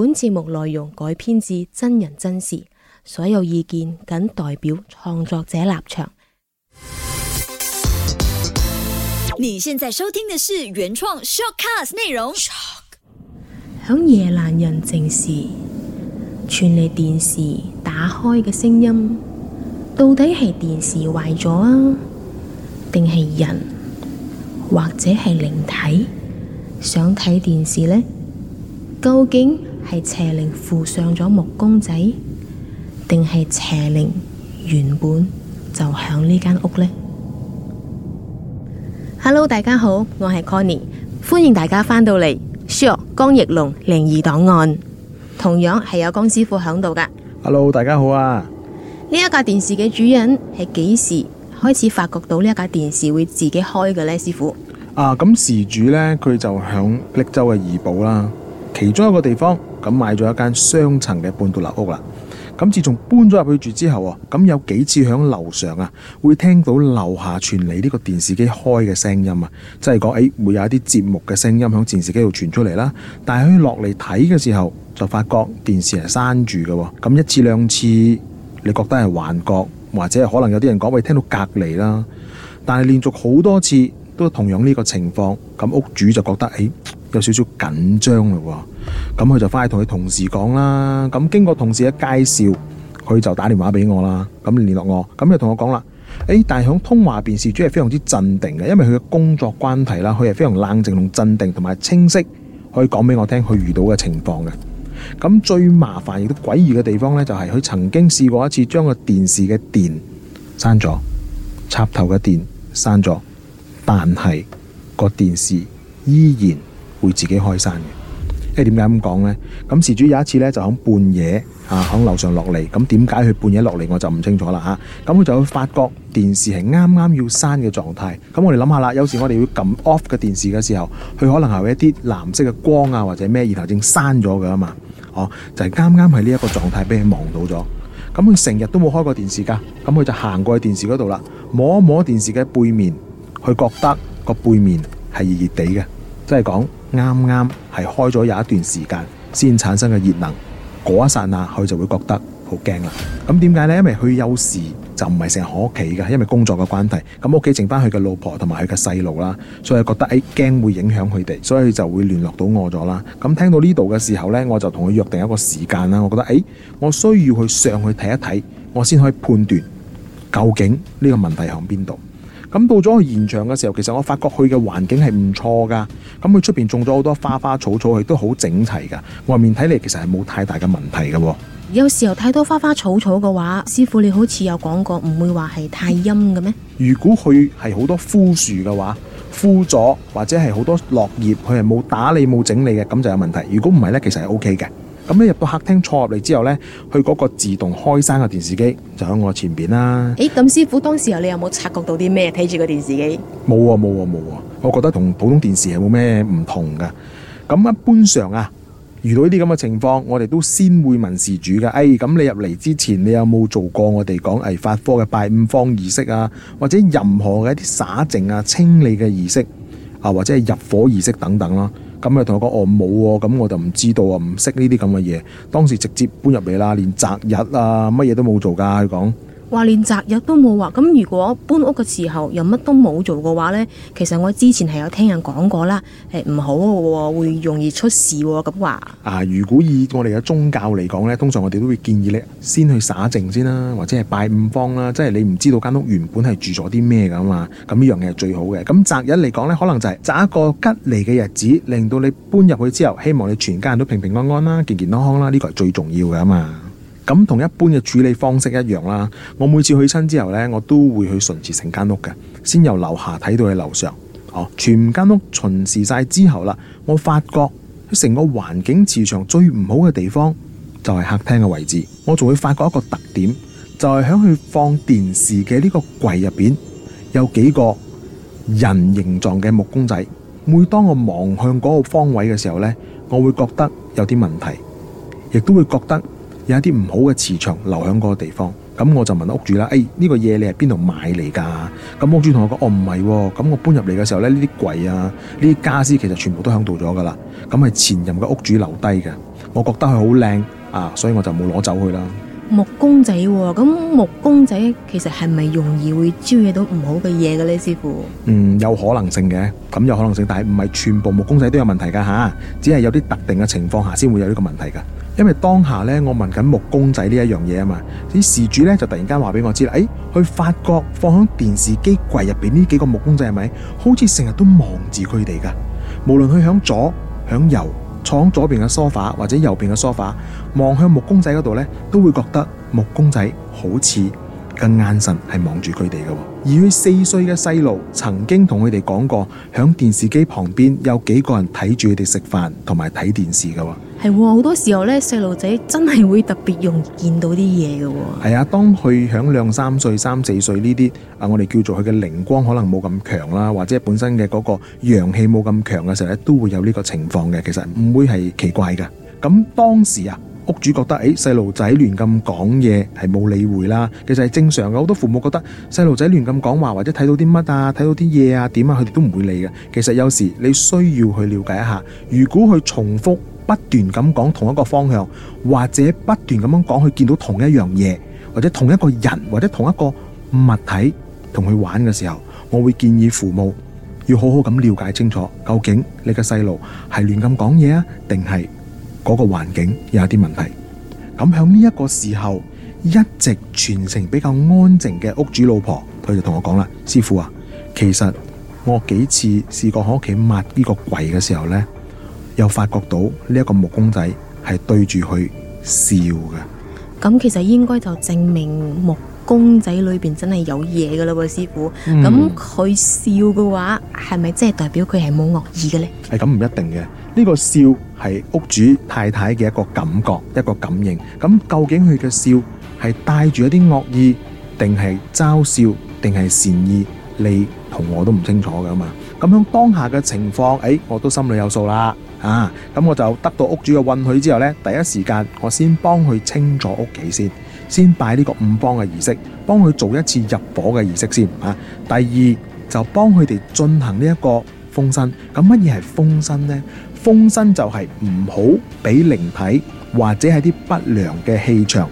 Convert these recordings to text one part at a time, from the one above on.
本節目內容改編自真人真事，所有意見僅代表創作者立場。你現在收聽的是原創 showcast 內容。響 Shock 夜闌人靜時，傳嚟電視打開嘅聲音，到底係電視壞咗啊，定係人，或者係靈體想睇電視呢？究竟係邪靈附上咗木公仔，定係邪靈原本就響呢間屋呢？Hello，大家好，我係 Conny，歡迎大家返到嚟《Shure 江奕龍靈異檔案》，同樣係有江師傅響度噶。Hello，大家好啊！呢一架電視嘅主人係幾時開始發覺到呢一架電視會自己開嘅呢？師傅啊，咁事主呢，佢就響瀝州嘅怡保啦，其中一個地方。咁買咗一間雙層嘅半獨立屋啦。咁自從搬咗入去住之後啊，咁有幾次響樓上啊，會聽到樓下傳嚟呢個電視機開嘅聲音啊，即係講誒，會有一啲節目嘅聲音響電視機度傳出嚟啦。但係佢落嚟睇嘅時候，就發覺電視係閂住嘅。咁一次兩次，你覺得係幻覺，或者可能有啲人講喂，聽到隔籬啦。但係連續好多次都同樣呢個情況，咁屋主就覺得誒，有少少緊張嘞。咁佢就翻去同佢同事講啦。咁經過同事嘅介紹，佢就打電話俾我啦。咁聯絡我，咁就同我講啦。誒、欸，但係響通話邊，事主係非常之鎮定嘅，因為佢嘅工作關係啦，佢係非常冷靜同鎮定，同埋清晰可以講俾我聽佢遇到嘅情況嘅。咁最麻煩亦都詭異嘅地方呢，就是，就係佢曾經試過一次將個電視嘅電刪咗，插頭嘅電刪咗，但係個電視依然會自己開閂即係點解咁講呢？咁事主有一次呢，就喺半夜啊，喺樓上落嚟。咁點解佢半夜落嚟我就唔清楚啦吓。咁、啊，佢就會發覺電視係啱啱要閂嘅狀態。咁我哋諗下啦，有時我哋要撳 off 嘅電視嘅時候，佢可能係一啲藍色嘅光啊，或者咩，然後正閂咗噶嘛。哦、啊，就係啱啱喺呢一個狀態俾佢望到咗。咁佢成日都冇開過電視噶，咁佢就行過去電視嗰度啦，摸一摸電視嘅背面，佢覺得個背面係熱熱地嘅，即係講。啱啱係開咗有一段時間，先產生嘅熱能，嗰一剎那佢就會覺得好驚啦。咁點解呢？因為佢有時就唔係成日喺屋企嘅，因為工作嘅關係，咁屋企剩翻佢嘅老婆同埋佢嘅細路啦，所以覺得誒驚會影響佢哋，所以就會聯絡到我咗啦。咁聽到呢度嘅時候呢，我就同佢約定一個時間啦。我覺得誒，A, 我需要去上去睇一睇，我先可以判斷究竟呢個問題喺邊度。咁到咗去現場嘅時候，其實我發覺佢嘅環境係唔錯㗎。咁佢出邊種咗好多花花草草，佢都好整齊㗎。外面睇嚟其實係冇太大嘅問題嘅。有時候太多花花草草嘅話，師傅你好似有講過，唔會話係太陰嘅咩？如果佢係好多枯樹嘅話，枯咗或者係好多落葉，佢係冇打理冇整理嘅，咁就有問題。如果唔係呢，其實係 OK 嘅。咁咧入到客廳坐入嚟之後呢，去嗰個自動開閂嘅電視機就喺我前邊啦。誒、欸，咁師傅，當時候你有冇察覺到啲咩？睇住個電視機？冇啊，冇啊，冇啊！我覺得同普通電視係冇咩唔同噶。咁一般上啊，遇到呢啲咁嘅情況，我哋都先會問事主噶。誒、哎，咁你入嚟之前，你有冇做過我哋講係發科嘅拜五方儀式啊，或者任何嘅一啲灑淨啊、清理嘅儀式啊，或者係入伙儀式等等啦、啊？咁又同我講，我冇喎，咁，啊，我就唔知道啊，唔識呢啲咁嘅嘢。當時直接搬入嚟啦，連擇日啊，乜嘢都冇做噶。佢講。話連擇日都冇話，咁如果搬屋嘅時候又乜都冇做嘅話呢，其實我之前係有聽人講過啦，誒唔好嘅，會容易出事咁話。啊，如果以我哋嘅宗教嚟講呢，通常我哋都會建議你先去灑淨先啦、啊，或者係拜五方啦、啊，即係你唔知道間屋原本係住咗啲咩噶嘛，咁呢樣嘢係最好嘅。咁擇日嚟講呢，可能就係擇一個吉利嘅日子，令到你搬入去之後，希望你全家人都平平安安啦、啊，健健康康啦、啊，呢個係最重要噶嘛。咁同一般嘅處理方式一樣啦。我每次去親之後呢，我都會去巡視成間屋嘅，先由樓下睇到去樓上，哦，全間屋巡視晒之後啦，我發覺成個環境磁場最唔好嘅地方就係客廳嘅位置。我仲會發覺一個特點，就係喺佢放電視嘅呢個櫃入邊有幾個人形狀嘅木公仔。每當我望向嗰個方位嘅時候呢，我會覺得有啲問題，亦都會覺得，有一啲唔好嘅磁場留響嗰個地方，咁我就問屋主啦，誒、哎、呢、這個嘢，你係邊度買嚟噶？咁屋主同我講，哦唔係，咁、哦、我搬入嚟嘅時候咧，呢啲櫃啊，呢啲家私其實全部都響度咗噶啦，咁係前任嘅屋主留低嘅，我覺得佢好靚啊，所以我就冇攞走佢啦。木公仔、哦，咁木公仔其實係咪容易會招惹到唔好嘅嘢嘅咧？師傅，嗯，有可能性嘅，咁有可能性，但係唔係全部木公仔都有問題噶吓、啊，只係有啲特定嘅情況下先會有呢個問題噶因為當下呢，我問緊木公仔呢一樣嘢啊嘛，啲事主呢就突然間話俾我知啦，誒、哎，佢發覺放響電視機櫃入邊呢幾個木公仔係咪好似成日都望住佢哋噶？無論佢響左、響右、坐響左邊嘅梳化，或者右邊嘅梳化，望向木公仔嗰度呢，都會覺得木公仔好似個眼神係望住佢哋嘅。而佢四歲嘅細路曾經同佢哋講過，響電視機旁邊有幾個人睇住佢哋食飯同埋睇電視嘅。係好多時候咧，細路仔真係會特別容易見到啲嘢嘅。係啊，當佢響兩三歲、三四歲呢啲啊，我哋叫做佢嘅靈光可能冇咁強啦，或者本身嘅嗰個陽氣冇咁強嘅時候咧，都會有呢個情況嘅。其實唔會係奇怪嘅。咁當時啊，屋主覺得誒細路仔亂咁講嘢係冇理會啦，其實係正常嘅。好多父母覺得細路仔亂咁講話或者睇到啲乜啊、睇到啲嘢啊、點啊，佢哋都唔會理嘅。其實有時你需要去了解一下，如果佢重複不斷咁講同一個方向，或者不斷咁樣講去見到同一樣嘢，或者同一個人，或者同一個物體同佢玩嘅時候，我會建議父母要好好咁了解清楚，究竟你嘅細路係亂咁講嘢啊，定係嗰個環境有啲問題。咁響呢一個時候，一直全程比較安靜嘅屋主老婆，佢就同我講啦：「師傅啊，其實我幾次試過喺屋企抹呢個櫃嘅時候呢。」又發覺到呢一個木公仔係對住佢笑嘅，咁其實應該就證明木公仔裏邊真係有嘢噶啦，師傅。咁佢、嗯、笑嘅話，係咪即係代表佢係冇惡意嘅呢？係咁唔一定嘅，呢、這個笑係屋主太太嘅一個感覺，一個感應。咁究竟佢嘅笑係帶住一啲惡意，定係嘲笑，定係善意？你同我都唔清楚噶嘛。咁樣當下嘅情況，誒、哎，我都心裏有數啦。啊！咁我就得到屋主嘅允許之後呢，第一時間我先幫佢清咗屋企先，先擺呢個五方嘅儀式，幫佢做一次入火嘅儀式先啊。第二就幫佢哋進行呢一個封身。咁乜嘢係封身呢？封身就係唔好俾靈體或者係啲不良嘅氣場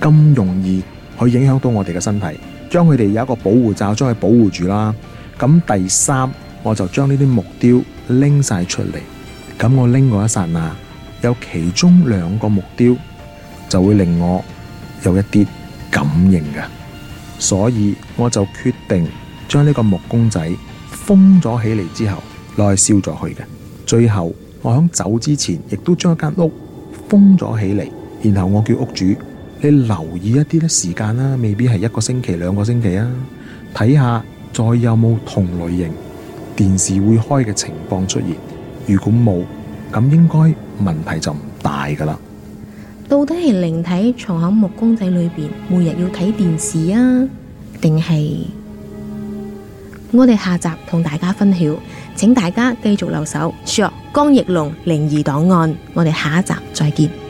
咁容易去影響到我哋嘅身體，將佢哋有一個保護罩將佢保護住啦。咁第三，我就將呢啲木雕拎晒出嚟。咁我拎嗰一剎那，有其中兩個木雕就會令我有一啲感應嘅，所以我就決定將呢個木公仔封咗起嚟之後，攞去燒咗佢嘅。最後我響走之前，亦都將一間屋封咗起嚟，然後我叫屋主你留意一啲咧時間啦，未必係一個星期、兩個星期啊，睇下再有冇同類型電視會開嘅情況出現。如果冇，咁應該問題就唔大噶啦。到底係靈體藏喺木公仔裏邊，每日要睇電視啊？定係我哋下集同大家分享，請大家繼續留守。說江奕龍靈異檔案，我哋下一集再見。